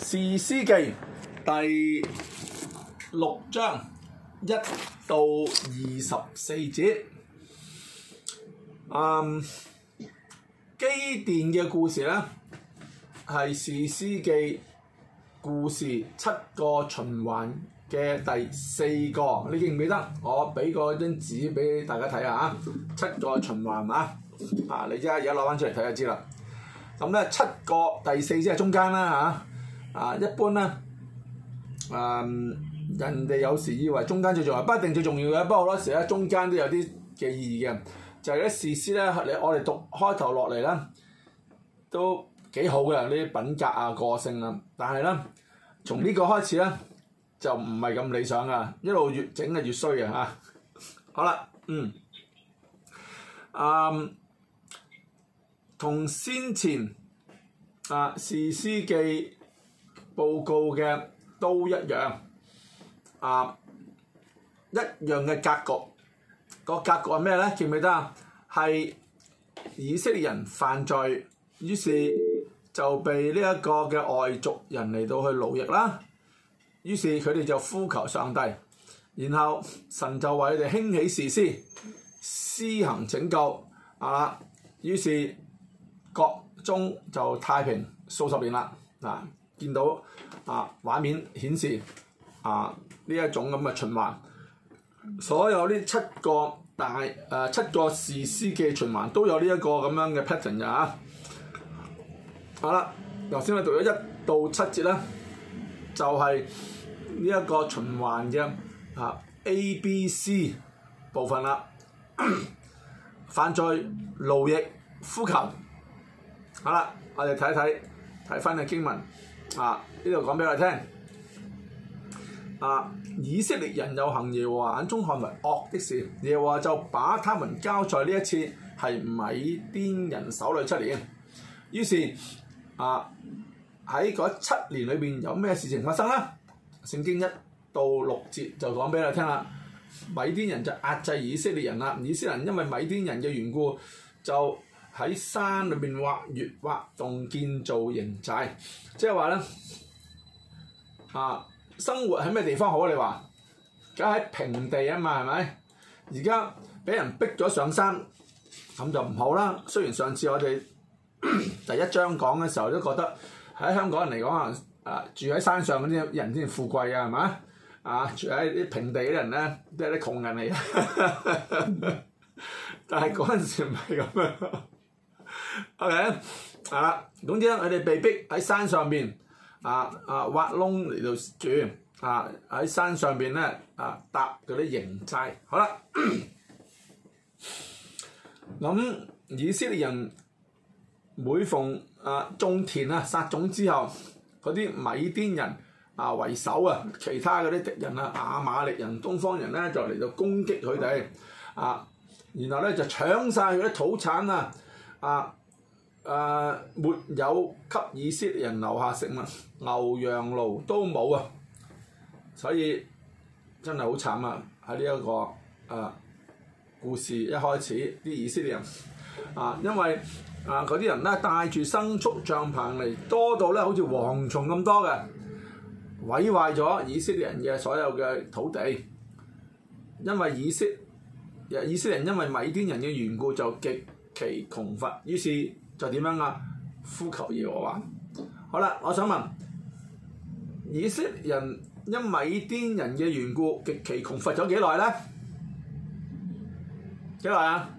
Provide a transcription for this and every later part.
《士師記》第六章一到二十四節，嗯，基甸嘅故事咧係《士師記》故事七個循環嘅第四個，你記唔記得？我俾過張紙俾大家睇下啊！七個循環嘛，啊，你而家而家攞翻出嚟睇就知啦。咁、嗯、咧，七個第四節係中間啦，嚇、啊。啊，一般咧，誒、啊，人哋有時以為中間最重要，不一定最重要嘅。不過好多時咧，中間都有啲嘅意義嘅，就係啲士師咧，你我哋讀開頭落嚟咧，都幾好嘅呢啲品格啊、個性啊，但係咧，從呢個開始咧，就唔係咁理想噶，一路越整係越衰嘅嚇。好啦，嗯，誒、啊，同先前啊，士師記。報告嘅都一樣，啊，一樣嘅格局，個格局係咩咧？記唔記得啊？係以色列人犯罪，於是就被呢一個嘅外族人嚟到去奴役啦。於是佢哋就呼求上帝，然後神就為佢哋興起士師施行拯救，啊，於是國中就太平數十年啦，嗱。見到啊，畫面顯示啊，呢一種咁嘅循環，所有呢七個大誒、呃、七個士師嘅循環都有呢一個咁樣嘅 pattern 嘅嚇、啊。好、啊、啦，頭先我讀咗一到七節啦、啊，就係呢一個循環嘅啊 A B C 部分啦、啊。犯罪、勞役、呼求。好、啊、啦，我哋睇睇睇返嘅經文。啊！呢度講俾我哋聽。啊！以色列人又行耶和華眼中看為惡的事，耶和華就把他們交在呢一次係米甸人手裏七年。於是啊，喺嗰七年裏邊有咩事情發生呢？聖經一到六節就講俾你哋聽啦。米甸人就壓制以色列人啦。以色列人因為米甸人嘅緣故就喺山裏面挖穴挖洞建造營寨，即係話咧啊，生活喺咩地方好？你話，梗係平地啊嘛，係咪？而家俾人逼咗上山，咁就唔好啦。雖然上次我哋第一章講嘅時候都覺得喺香港人嚟講啊，啊住喺山上嗰啲人先富貴啊，係嘛？啊住喺啲平地嘅人咧，都係啲窮人嚟嘅。 但係嗰陣時唔係咁樣。O.K.，啊，總之咧，佢哋被逼喺山上邊，啊啊挖窿嚟到住，啊喺山上邊咧，啊搭嗰啲營寨，好啦。咁 以色列人每逢啊種田啊撒種之後，嗰啲米甸人啊為首啊，其他嗰啲敵人啊亞瑪、啊、力人、東方人咧，就嚟到攻擊佢哋，啊，然後咧就搶晒佢啲土產啊，啊！誒、呃、沒有給以色列人留下食物，牛羊驢都冇啊！所以真係好慘啊！喺呢一個誒、呃、故事一開始，啲以色列人啊、呃，因為啊嗰啲人咧帶住牲畜帳棚嚟，多到咧好似蝗蟲咁多嘅，毀壞咗以色列人嘅所有嘅土地。因為以色列以色列人因為米甸人嘅緣故就極其窮乏，於是。就點樣啊？呼求耶和華。好啦，我想問以色列人因米甸人嘅緣故極其窮乏咗幾耐咧？幾耐啊？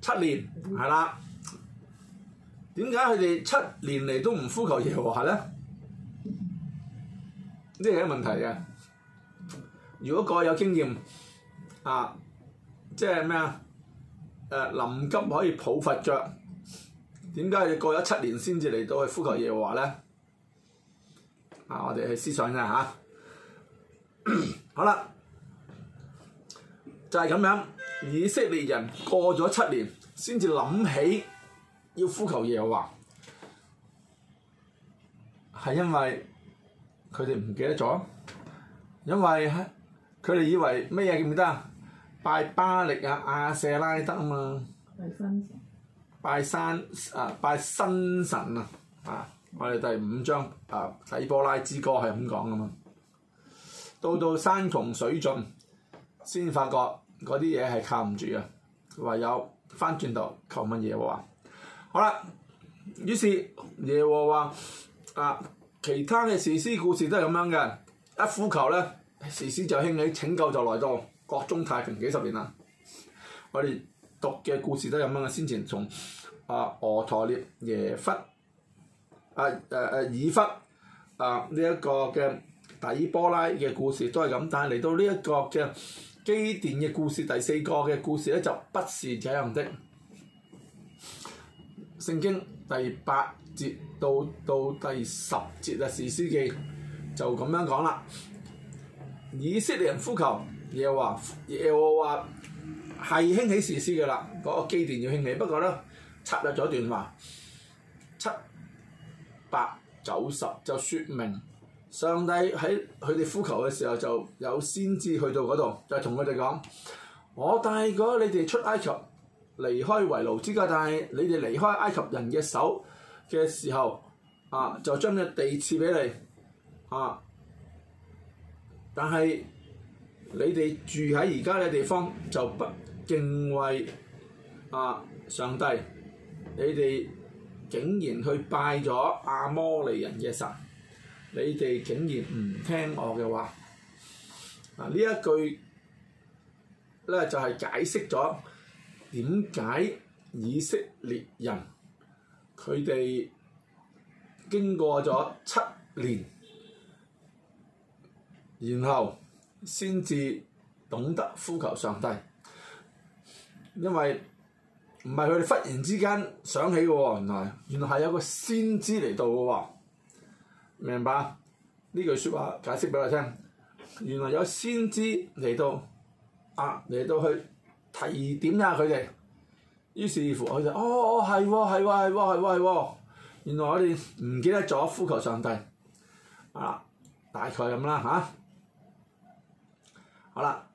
七年，係啦。點解佢哋七年嚟都唔呼求耶和華咧？呢係一個問題啊！如果各有經驗，啊，即係咩啊？誒臨急可以抱佛腳，點解要過咗七年先至嚟到去呼求耶和華咧？啊，我哋去思想一下、啊。 好啦，就係、是、咁樣，以色列人過咗七年先至諗起要呼求耶和華，係因為佢哋唔記得咗，因為佢哋以為咩嘢記唔記得？拜巴力啊，亞、啊、舍拉德啊嘛，拜神，拜山啊，拜神神啊，啊，我哋第五章啊，底波拉之歌係咁講噶嘛，到到山窮水盡，先發覺嗰啲嘢係靠唔住啊，唯有翻轉頭求問耶和華，好啦，於是耶和華啊，其他嘅士師故事都係咁樣嘅，一呼求咧，士師就興起拯救就來到。國中太平幾十年啦，我哋讀嘅故事都係咁樣嘅。先前從啊俄陀列耶弗啊誒誒、啊、以弗啊呢一個嘅底波拉嘅故事都係咁，但係嚟到呢一個嘅基甸嘅故事，第四個嘅故事咧就不是這樣的。聖經第八節到到第十節啊，士師記就咁樣講啦。以色列人呼求。又話，嘢我話係興起士師嘅啦，嗰、那個基甸要興起。不過咧，插入咗一段話，七、八、九、十就説明，上帝喺佢哋呼求嘅時候就有先知去到嗰度，就同佢哋講：我帶過你哋出埃及，離開為奴之家。但係你哋離開埃及人嘅手嘅時候，啊，就將隻地賜俾你，啊，但係。你哋住喺而家嘅地方就不敬畏啊上帝，你哋竟然去拜咗亞摩利人嘅神，你哋竟然唔聽我嘅話。啊！呢一句咧、啊、就係、是、解釋咗點解以色列人佢哋經過咗七年，然後。先至懂得呼求上帝，因為唔係佢哋忽然之間想起嘅喎，原來原來係有個先知嚟到嘅喎，明白？呢句説話解釋俾我聽，原來有先知嚟到，啊嚟到去提點下佢哋，於是乎我就哦，哦係喎，係喎，係喎，係喎，原來我哋唔記得咗呼求上帝，啊大概咁啦嚇。啊好啦，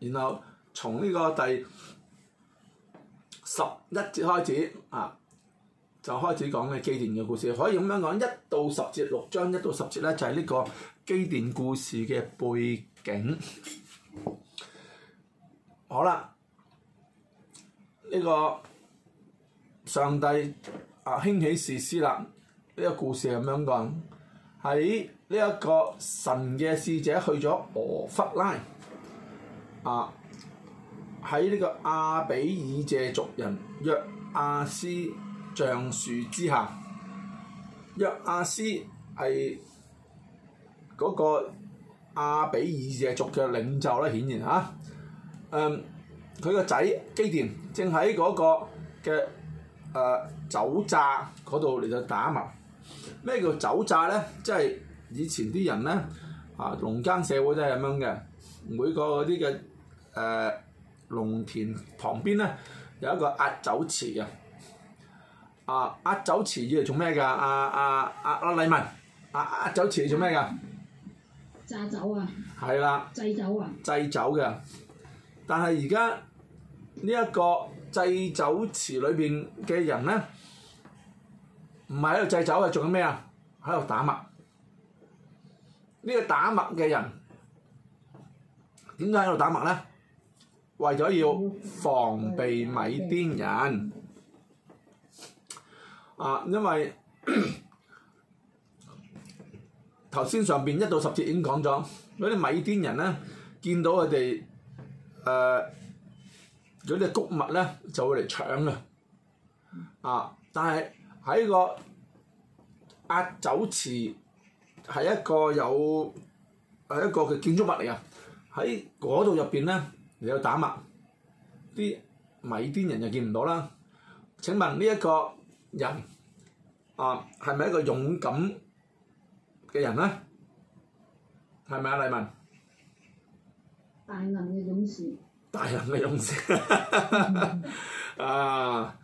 然後從呢個第十一節開始啊，就開始講嘅基甸嘅故事。可以咁樣講，一到十節六章一到十節咧，就係、是、呢個基甸故事嘅背景。好啦，呢、這個上帝啊，興起士師啦，呢、這個故事係咁樣講喺呢一個神嘅使者去咗俄弗拉。啊！喺呢個亞比爾謝族人約阿斯橡樹之下，約阿斯係嗰個亞比爾謝族嘅領袖啦。顯然啊，佢、嗯、個仔基甸正喺嗰個嘅誒酒榨嗰度嚟到打麥。咩叫酒榨咧？即係以前啲人咧，啊農耕社會都係咁樣嘅，每個嗰啲嘅。誒農、呃、田旁邊咧有一個壓酒池嘅、啊，啊壓酒池用嚟做咩㗎？阿阿阿阿禮文，阿、啊、壓酒池嚟做咩㗎？榨酒啊！係啦。製酒啊！製酒嘅，但係而家呢一個製酒池裏邊嘅人咧，唔係喺度製酒啊，做緊咩啊？喺度打麥。呢、呢個打麥嘅人點解喺度打麥咧？為咗要防備米甸人，啊，因為頭先上邊一到十節已經講咗，嗰啲米甸人咧見到佢哋誒嗰啲穀物咧就會嚟搶嘞，啊！但係喺個壓酒池係一個有係一個嘅建築物嚟嘅，喺嗰度入邊咧。有打麥啲米甸人就見唔到啦。請問呢一個人啊係咪一個勇敢嘅人咧？係咪啊，麗文？大能嘅勇士。大能嘅勇士啊！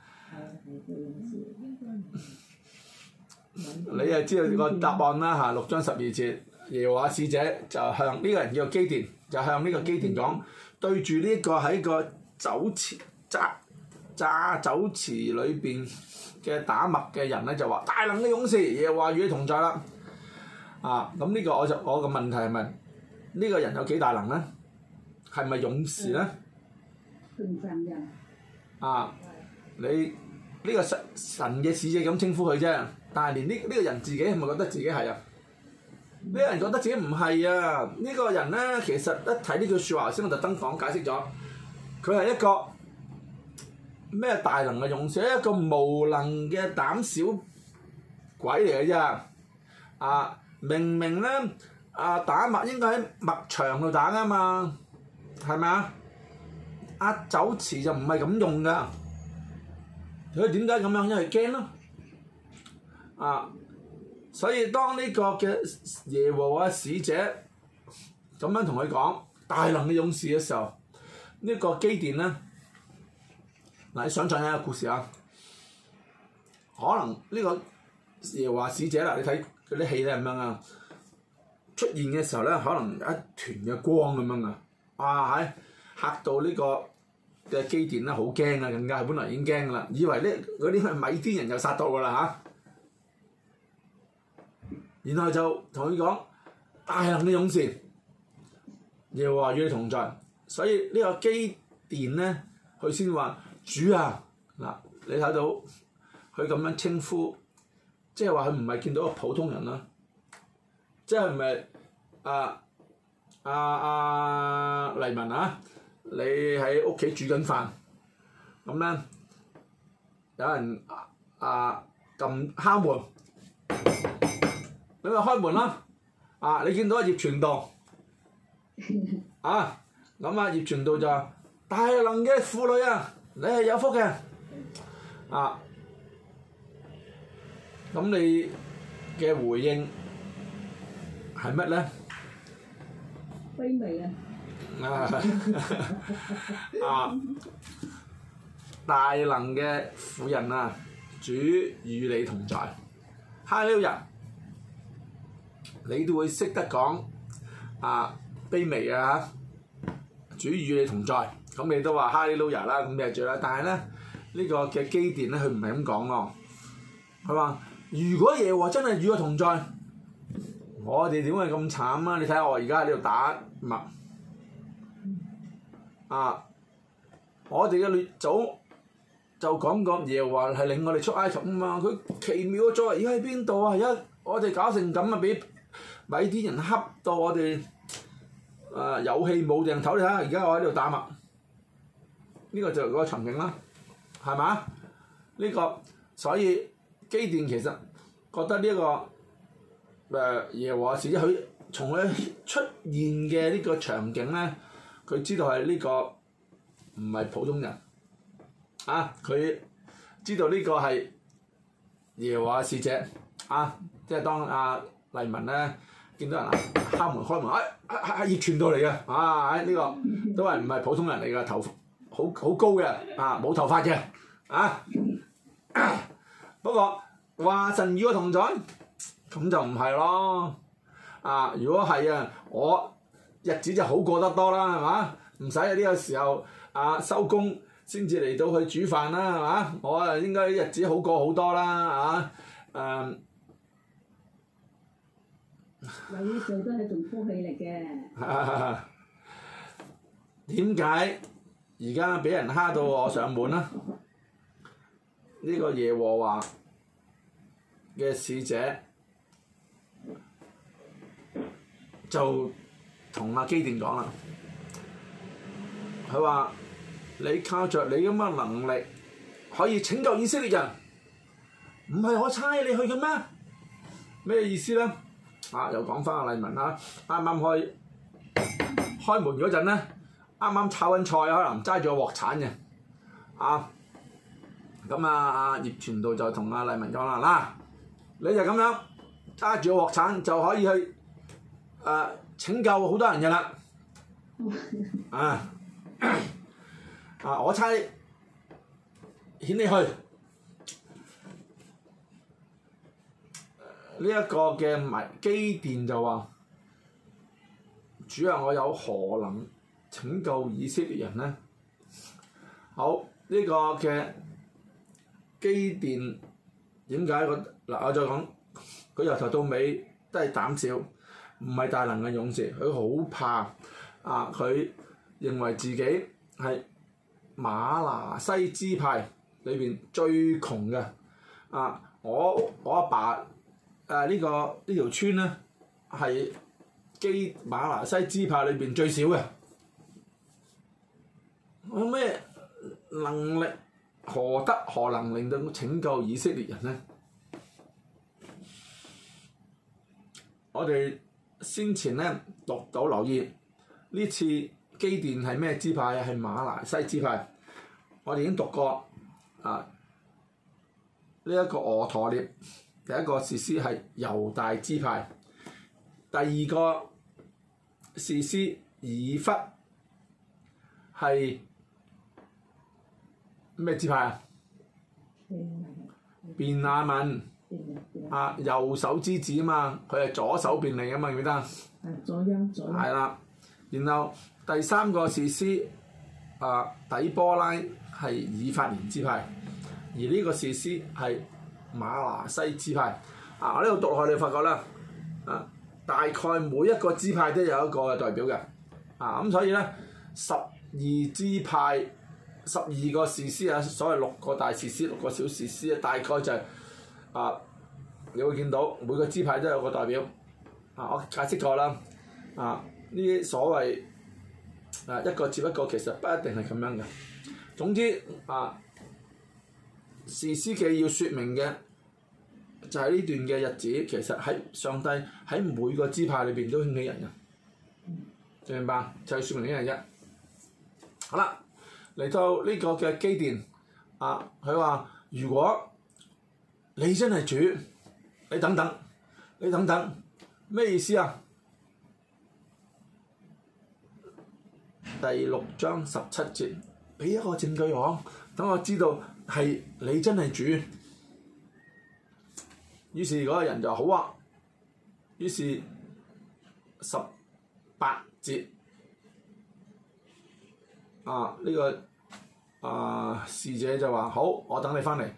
你又知道個答案啦嚇。六章十二節，耶和華使者就向呢個人叫基甸，就向呢個基甸講。對住呢個喺個酒池揸揸酒池裏邊嘅打麥嘅人咧，就話大能嘅勇士，又話與你同在啦。啊，咁、這、呢個我就我個問題係問呢個人有幾大能咧？係咪勇士咧？啊，你呢、這個神神嘅使者咁稱呼佢啫，但係連呢、這、呢、個這個人自己係咪覺得自己係啊？咩人覺得自己唔係啊？呢個人咧，其實一睇呢句説話先，我特登講解釋咗，佢係一個咩大能嘅勇士，一個無能嘅膽小鬼嚟嘅啫。啊，明明咧，啊打麥應該喺麥場度打啊嘛，係咪啊？壓酒池就唔係咁用噶，佢點解咁樣？因為驚咯，啊！所以當呢個嘅耶和華使者咁樣同佢講大能嘅勇士嘅時候，這個、基呢個機電咧嗱，你想講一個故事啊。可能呢個耶和華使者啦，你睇嗰啲戲咧咁樣啊，出現嘅時候咧，可能一團嘅光咁樣啊，哇！嚇到呢個嘅機電咧好驚啊，更加係本來已經驚噶啦，以為咧嗰啲咪啲人又殺到㗎啦嚇。然後就同佢講，大能的勇士，耶和華與你同在。所以個呢個基甸咧，佢先話主啊，嗱，你睇到佢咁樣稱呼，即係話佢唔係見到一個普通人啦，啊，即係唔係啊啊啊黎文啊，你喺屋企煮緊飯，咁咧有人啊撳，啊、敲門。你咪開門啦！嗯、啊，你見到阿葉傳道 啊？咁啊，葉傳道就是、大能嘅婦女啊，你係有福嘅啊！咁你嘅回應係乜咧？啊！大能嘅婦人啊，主與你同在。Hello 人。你都會識得講啊卑微啊，主與你同在，咁、嗯、你都話哈利路亞啦，咁嘅嘢著啦。但係咧呢、這個嘅基甸咧，佢唔係咁講咯。佢話：如果耶和華真係與我同在，我哋點會咁慘啊？你睇下我而家喺呢度打物啊！我哋嘅列祖就講過耶和華係領我哋出埃及啊嘛。佢奇妙嘅作為，而家喺邊度啊？而家我哋搞成咁啊！俾咪啲人恰到我哋，誒、呃、有氣冇定頭，你睇下而家我喺度打脈，呢、這個就嗰個場景啦，係嘛？呢、這個所以基甸其實覺得呢、這個誒、呃、耶和華使者，佢從佢出現嘅呢個場景咧，佢知道係呢、這個唔係普通人，啊佢知道呢個係耶和華使者，啊即係當啊。黎文咧見到人啊敲門開門，哎、欸，係係熱傳道嚟嘅，啊，呢、呢個都係唔係普通人嚟嘅頭，好好高嘅，啊冇頭髮嘅，啊，啊啊不過話神與我同在，咁就唔係咯，啊，如果係啊，我日子就好過得多啦，係嘛？唔使有呢個時候，啊收工先至嚟到去煮飯啦，係嘛？我啊應該日子好過好多啦，啊，誒、啊。嗯有呢度都係仲呼氣嚟嘅。點解而家俾人蝦到我上門啊？呢 個耶和華嘅使者就同阿基甸講啦。佢話：你靠着你咁嘅能力可以拯救以色列人，唔係我差你去嘅咩？咩意思咧？啊！又講翻阿黎文啦，啱啱開開門嗰陣咧，啱啱炒緊菜可能揸住個鑊鏟嘅，啊！咁啊啊葉傳道就同阿黎文講啦，嗱、啊，你就咁樣揸住個鑊鏟就可以去誒、啊、拯救好多人嘅啦，啊！啊，啊我猜遣你去。呢一個嘅麥基甸就話：主啊，我有何能拯救以色列人呢？好，呢、這個嘅基甸點解個嗱？我再講佢由頭到尾都係膽小，唔係大能嘅勇士，佢好怕啊！佢認為自己係馬拿西支派裏邊最窮嘅啊！我我阿爸。誒、啊，這個、呢個呢條村咧係基馬來西支派裏邊最少嘅，我咩能力何德何能令到我拯救以色列人咧？我哋先前咧讀到，留意呢次基甸係咩支派？係馬來西支派。我哋已經讀過啊，呢、這、一個俄陀列。第一個士師係猶大支派，第二個士師以笏係咩支派啊？嗯、便雅憫，便文啊，右手之子啊嘛，佢係左手邊嚟啊嘛，記，記得？係、嗯、左一左。係啦，然後第三個士師啊，底波拉係以法蓮支派，而呢個士師係。馬華西支派，啊！我呢度讀落去你會發覺啦，啊，大概每一個支派都有一個代表嘅，啊咁所以咧十二支派，十二個士師啊，所謂六個大士師，六個小士師啊，大概就係、是、啊，你會見到每個支派都有個代表，啊，我解釋咗啦，啊，呢啲所謂啊一個接一個，其實不一定係咁樣嘅，總之啊。士師記要説明嘅就係、是、呢段嘅日子，其實喺上帝喺每個支派裏邊都興起人嘅，明唔明啊？就係、是、説明呢樣嘢。好啦，嚟到呢個嘅基甸，啊，佢話：如果你真係主，你等等，你等等，咩意思啊？第六章十七節，俾一個證據我，等我知道。係你真係主，於是嗰個人就好啊，於是十八節，啊呢個啊，侍者就話好，我等你翻嚟。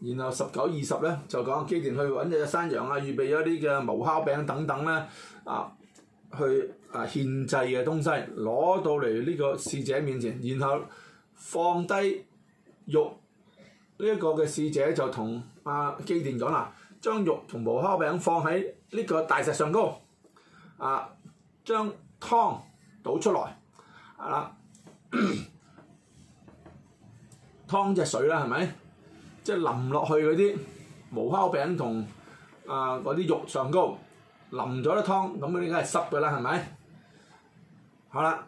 然後十九二十咧就講基甸去揾隻山羊啊，預備咗啲嘅無酵餅等等咧啊，去啊獻祭嘅東西攞到嚟呢個侍者面前，然後放低肉。呢一個嘅使者就同阿、啊、基甸講啦，將肉同無酵餅放喺呢個大石上高，啊，將湯倒出來，啊，湯即係水啦，係咪？即係淋落去嗰啲無酵餅同啊嗰啲肉上高，淋咗啲湯，咁梗係濕嘅啦？係咪？好啦，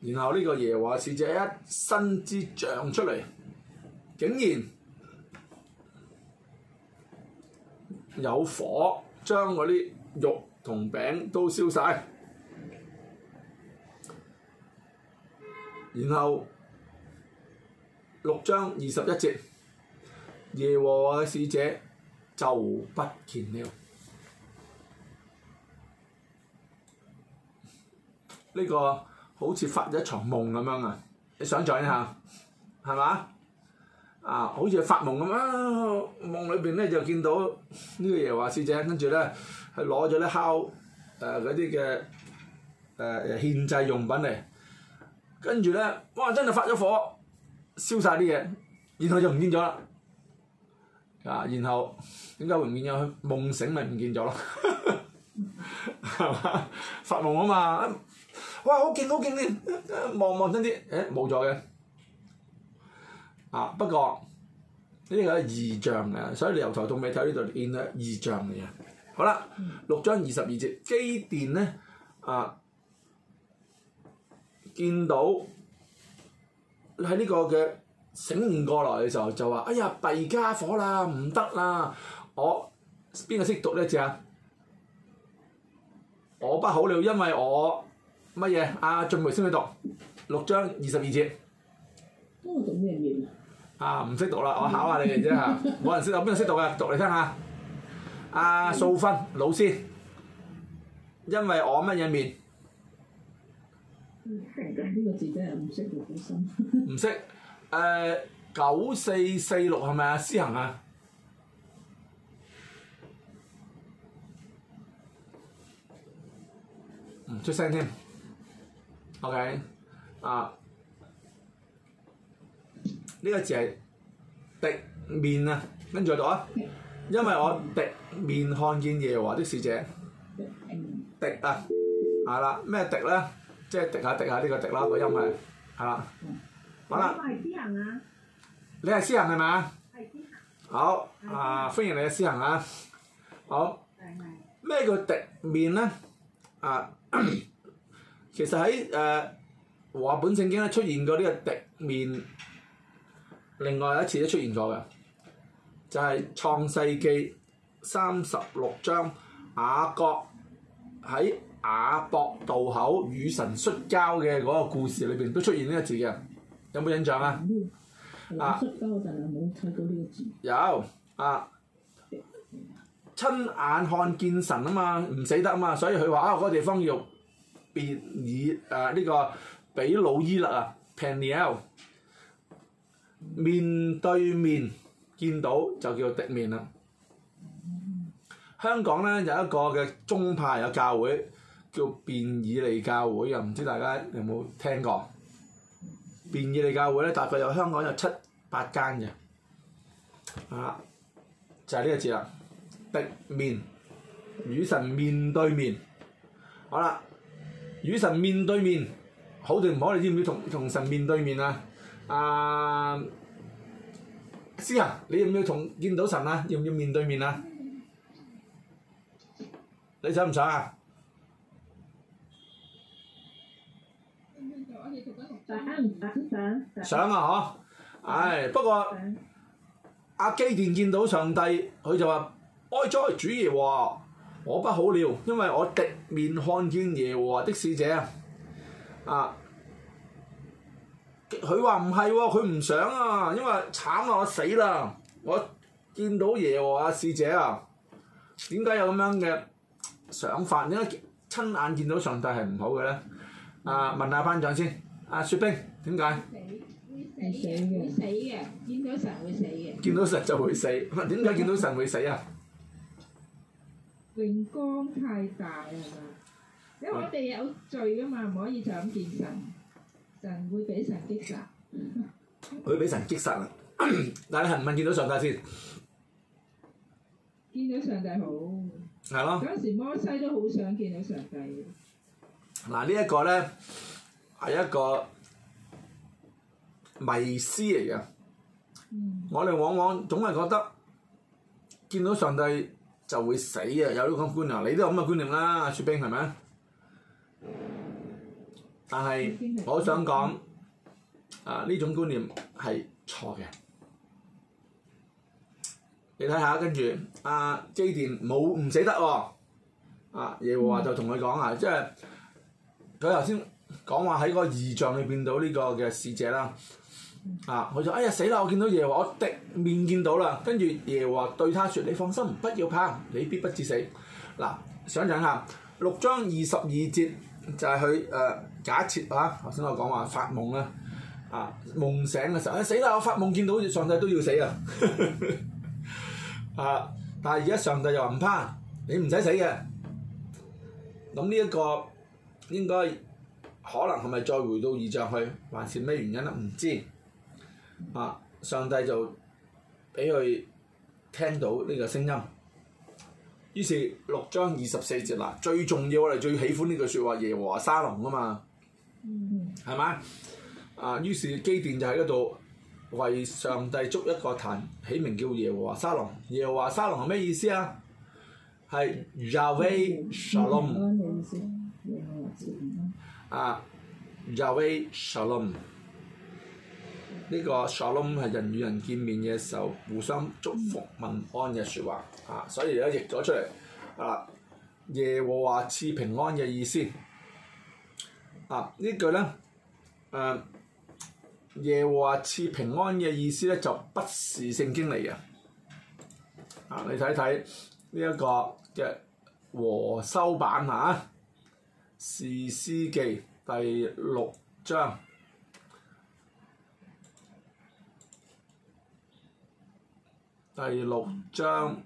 然後呢個耶和華使者一伸支杖出嚟。竟然有火將嗰啲肉同餅都燒晒，然後六章二十一節，耶和華嘅使者就不見了。呢、呢個好似發咗一場夢咁樣啊！你想象一下，係嘛？啊！好似係發夢咁啊，夢裏邊咧就見到呢個耶和華使者，跟住咧係攞咗啲烤誒嗰啲嘅誒獻祭用品嚟，跟住咧哇真係發咗火，燒晒啲嘢，然後就唔見咗啦。啊，然後點解會唔見咗？夢醒咪唔見咗咯，係嘛？ 發夢嘛啊嘛！哇，好勁好勁啲，望望真啲，誒冇咗嘅。啊！不過呢個係異象嘅，所以你由頭到尾睇呢度變到異象嚟嘅。好啦，六章二十二節，基甸咧啊，見到喺呢個嘅醒悟過來嘅時候就話哎呀，弊家伙啦，唔得啦！我邊個識讀呢一節啊？我不好了，因為我乜嘢？阿俊梅先去讀六章二十二節。嗯啊！唔識讀啦，我考下你哋啫嚇，冇人識讀，邊個識讀嘅？讀嚟聽下。阿素芬老師，因為我乜嘢面？呢個字真係唔識讀好深。唔識。誒，九四四六係咪？四行啊？嗯，出聲添。OK，啊。呢個字係滴面啊，跟住再讀啊，因為我滴面看見耶和華的使者，滴啊，係啦，咩滴咧？即係滴下滴下呢、就是啊啊這個滴啦、啊，這個音係係啦。好啦，你係詩人啊？你係詩人係咪？係詩人。好，啊、呃、歡迎你係詩人啊！好，咩叫滴面咧？啊， 其實喺誒《和合、呃、本聖經》咧出現過呢個滴面。另外一次都出現咗嘅，就係、是《創世記》三十六章雅各喺雅博渡口與神摔跤嘅嗰個故事裏邊都出現呢個字嘅，有冇印象、嗯嗯、啊？摔跤就冇睇到呢個字。有啊，親眼看見神啊嘛，唔死得啊嘛，所以佢話啊，嗰、那個地方叫別爾誒呢個比老伊勒啊，Paniel。面對面見到就叫覿面啦。香港咧有一個嘅宗派有教會叫便以利教會啊，唔知大家有冇聽過？便以利教會咧大概有香港有七八間嘅，係啦，就係呢個字啦。覿面與神面對面，好啦，與神面對面好定唔好？你知唔知同同神面對面啊？啊！先生、啊，你要唔要同見到神啊？要唔要面對面啊？你想唔想啊？想？想啊！嗬、啊，唉、哎，嗯、不過阿基甸見到上帝，佢就話哀哉，joy，主耶和華，我不好了，因為我直面看見耶和華的使者啊。佢話唔係喎，佢唔想啊，因為慘啊，我死啦！我見到耶和華使者啊，點解有咁樣嘅想法？點解親眼見到上帝係唔好嘅咧？啊，問下班長先，阿雪冰點解？會死嘅，見到神會死嘅。見到神就會死，問點解見到神會死啊？榮光太大啊，因為我哋有罪噶嘛，唔可以就咁見神。神會俾神擊殺，佢 俾神擊殺啦！但係你係唔係見到上帝先，見到上帝好。係咯，嗰陣時摩西都好想見到上帝。嗱、啊，這個、呢一個咧係一個迷思嚟嘅。嗯、我哋往往總係覺得見到上帝就會死啊！有呢個咁觀念，你都有咁嘅觀念啦，雪冰係咪？但係，我想講，啊呢種觀念係錯嘅。你睇下，跟住阿基甸冇唔死得喎、哦，啊耶和華就同佢講啊，即係佢頭先講話喺個異象裏邊到呢個嘅使者啦，啊，佢就哎呀死啦！我見到耶和我的面見到啦。跟住耶和華對他説：你放心，不要怕，你必不至死。嗱、啊，想象下六章二十二節就係佢誒。呃假設啊，頭先我講話發夢啦，啊夢醒嘅時候，啊、死啦！我發夢見到好似上帝都要死啊，啊！但係而家上帝又話唔怕，你唔使死嘅。咁呢一個應該可能係咪再回到異象去，還是咩原因咧、啊？唔知啊！上帝就俾佢聽到呢個聲音，於是六章二十四節嗱、啊，最重要我哋最喜歡呢句説話：耶和華沙龍啊嘛。嗯，係嘛？啊，於是基甸就喺嗰度為上帝築一個壇，起名叫耶和華沙龍。耶和華沙龍係咩意思、ah、啊？係 Yahweh Shalom。啊 y h w e h s h a l o 呢個 Shalom 係人與人見面嘅時候、嗯、互相祝福、問安嘅説話。啊，所以而、啊、家譯咗出嚟。啊，耶和華賜平安嘅意思。啊！呢句咧，誒耶和華賜平安嘅意思咧，就不是聖經嚟嘅。啊，你睇睇呢一個嘅和修版吓，士師記第六章，第六章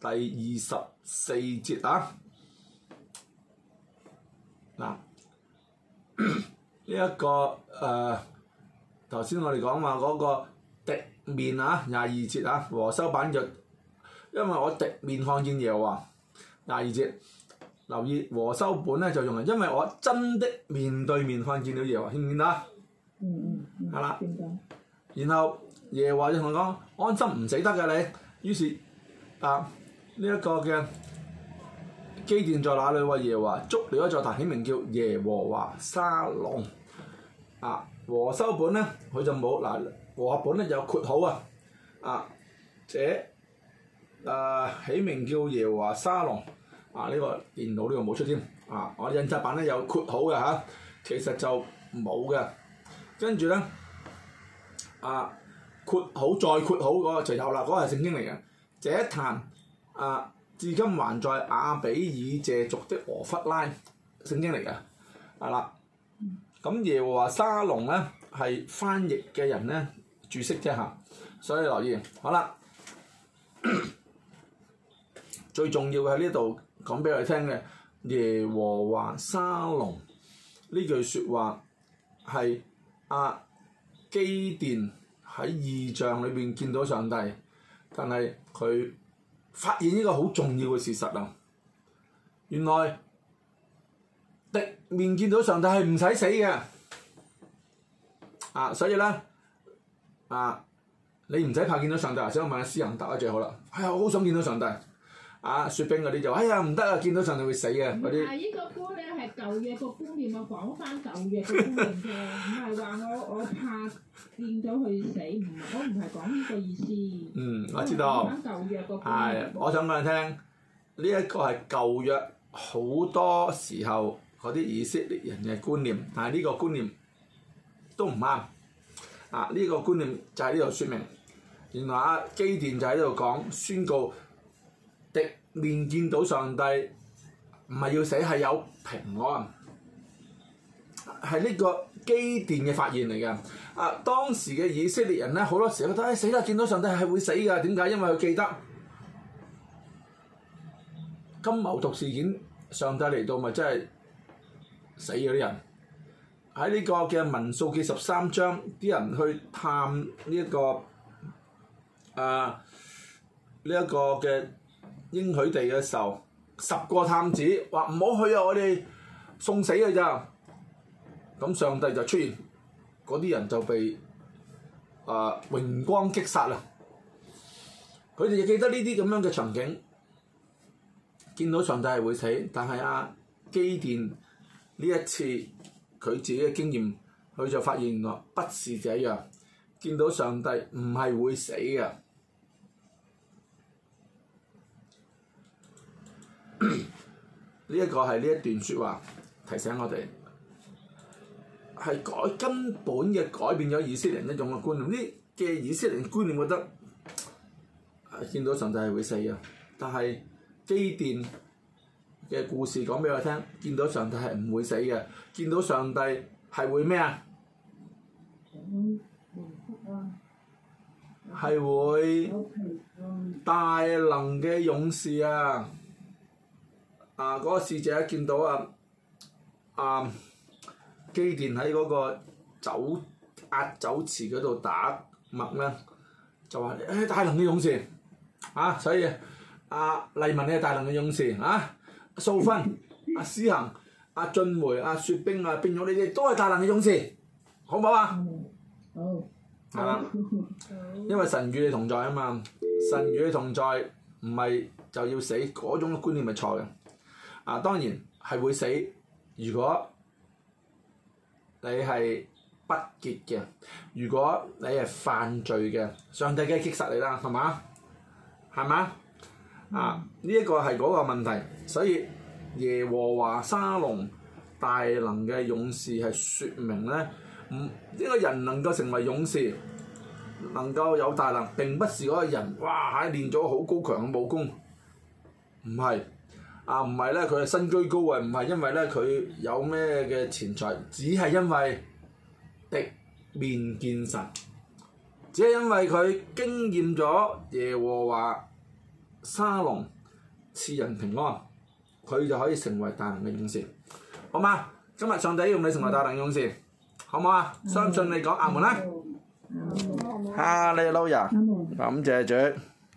第二十。四節啊，嗱，呢、這、一個誒，頭、呃、先我哋講話嗰個敵面啊，廿二節啊，和修版就，因為我敵面看見耶和華，廿二節留意和修本咧就用，嚟，因為我真的面對面看見了耶和華，見唔見啊？嗯嗯嗯。係啦。然後耶和華就同我講，安心唔死得嘅你，於是啊。呢一個嘅基甸在那裏？為耶和華築了一座壇，起名叫耶和華沙龍。啊，和修本咧，佢就冇嗱、啊，和合本咧有括號啊。啊，這啊起名叫耶和華沙龍。啊，呢、這個電腦呢個冇出添。啊，我印刷版咧有括號嘅、啊、吓，其實就冇嘅。跟住咧，啊括號再括號嗰就有啦，嗰係聖經嚟嘅。這一壇啊！至今還在亞比以謝族的俄弗拉，聖經嚟嘅，係、啊、啦。咁、啊、耶和華沙龍咧係翻譯嘅人咧注釋啫嚇，所以留意。好啦，最重要喺呢度講俾我哋聽嘅，耶和華沙龍呢句説話係阿、啊、基甸喺異象裏邊見到上帝，但係佢。發現呢個好重要嘅事實啊！原來直面見到上帝係唔使死嘅啊！所以咧啊，你唔使怕見到上帝啊！所以我問下私人答得最好啦，係、哎、啊，我好想見到上帝。啊！雪冰嗰啲就，哎呀唔得啊！見到神你會死嘅嗰啲。唔係呢個觀咧，係舊約個觀念，我講翻舊約嘅觀念嘅，唔係話我我怕見到佢死，我唔係講呢個意思。嗯，我知道。講翻舊約個觀念。係，我想講你聽。呢、這、一個係舊約好多時候嗰啲以色列人嘅觀念，但係呢個觀念都唔啱。啊！呢、這個觀念就喺呢度説明，原來啊基甸就喺呢度講宣告。面見到上帝唔係要死，係有平安，係呢個基甸嘅發現嚟嘅。啊，當時嘅以色列人咧，好多時覺得，哎死啦！見到上帝係會死㗎，點解？因為佢記得金牛犢事件，上帝嚟到咪真係死咗啲人。喺呢個嘅民數記十三章，啲人去探呢一個啊呢一個嘅。應許地嘅時候，十個探子話唔好去啊！我哋送死嘅咋，咁上帝就出現，嗰啲人就被啊榮光擊殺啦。佢哋就記得呢啲咁樣嘅場景，見到上帝係會死，但係啊基甸呢一次佢自己嘅經驗，佢就發現話不是這樣，見到上帝唔係會死嘅。呢一、 這個係呢一段説話提醒我哋，係改根本嘅改變咗以色列人一種嘅觀念。呢嘅以色列人觀念覺得，見到上帝係會死嘅，但係基甸嘅故事講俾我聽，見到上帝係唔會死嘅。見到上帝係會咩啊？係會，會大能嘅勇士啊！啊！嗰、那個使者一見到啊啊基甸喺嗰個酒壓酒池嗰度打麥啦，就話：誒、哎、大能嘅勇士啊！所以啊，麗文你係大能嘅勇士啊！素芬、阿思行、阿俊梅、阿雪冰啊，變咗你哋都係大能嘅勇士，好唔好啊？好，係嘛？因為神與你同在啊嘛，神與你同在，唔係就要死嗰種觀念，咪錯嘅。啊，當然係會死。如果你係不潔嘅，如果你係犯罪嘅，上帝梗係擊殺你啦，係嘛？係嘛？啊，呢一個係嗰個問題。所以耶和華沙龍大能嘅勇士係説明咧，唔，呢個人能夠成為勇士，能夠有大能，並不是嗰個人，哇！係練咗好高強嘅武功，唔係。啊，唔係咧，佢係身居高位，唔係因為咧佢有咩嘅錢財，只係因為敵面見神，只係因為佢經驗咗耶和華沙龍賜人平安，佢就可以成為大能嘅勇士，好嗎？今日上帝要你成為大能勇士，好唔好啊？嗯、相信你講阿門啦。啊，嗯、哈利路亞，嗯、感謝主。